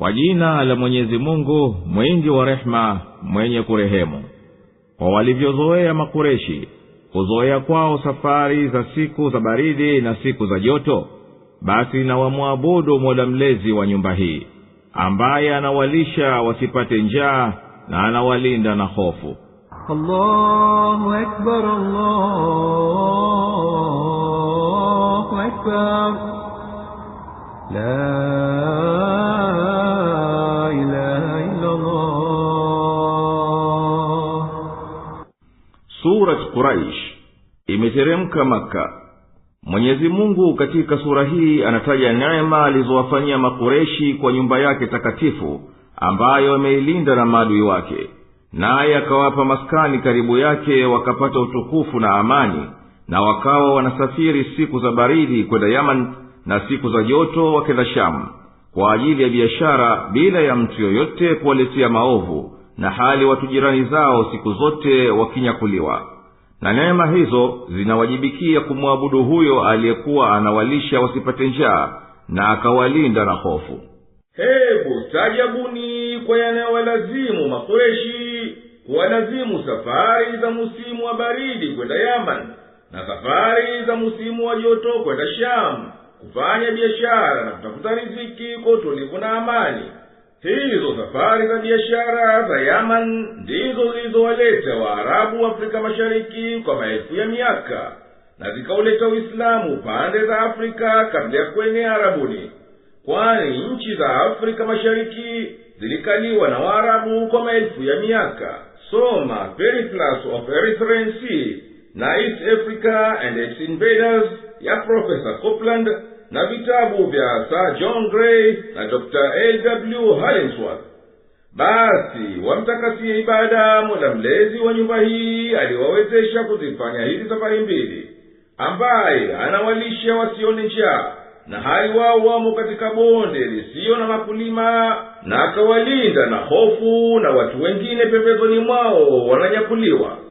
kwa jina la mwenyezi mungu mwingi wa rehema mwenye kurehemu kwa walivyozoea makureshi kuzoea kwao safari za siku za baridi na siku za joto basi na wamwabudu mola mlezi wa nyumba hii ambaye anawalisha wasipate njaa na anawalinda na hofu allahu akbar, allahu akbar. La surat quraish imeteremka maka mwenyezi mungu katika sura hii anataja neema alizowafanyia makureshi kwa nyumba yake takatifu ambayo ameilinda na maadui wake naye akawapa maskani karibu yake wakapata utukufu na amani na wakawa wanasafiri siku za baridi kwenda yaman na siku za joto wakenda shamu kwa ajili ya biashara bila ya mtu yoyote kuwaletea maovu na hali watu jirani zao siku zote wakinyakuliwa na neema hizo zinawajibikia kumwabudu huyo aliyekuwa anawalisha wasipate njaa na akawalinda na hofu hebu tajabuni kwa yanayowalazimu makureshi kuwalazimu safari za musimu wa baridi kwenda yamani na safari za musimu wa joto kwenda shamu kufanya biashara na kutafuta riziki kwa utulivu na amani Hizo safari za biashara za Yaman ndizo zilizowaleta Waarabu wa Afrika Mashariki kwa maelfu ya miaka na zikauleta Uislamu pande za Afrika kabla ya kuenea Arabuni, kwani nchi za Afrika Mashariki zilikaliwa na Waarabu kwa maelfu ya miaka. Soma Periplus of Erythraean Sea na East Africa and its Invaders ya profesa copland na vitabu vya sir john gray na dr w halinsworth basi wamtakasie ibada mola mlezi wa nyumba hii aliwawezesha kuzifanya hizi safari mbili ambaye anawalisha wasione njaa na hali wao wamo katika bonde lisiyo na makulima na akawalinda na hofu na watu wengine pembezoni mwao wananyakuliwa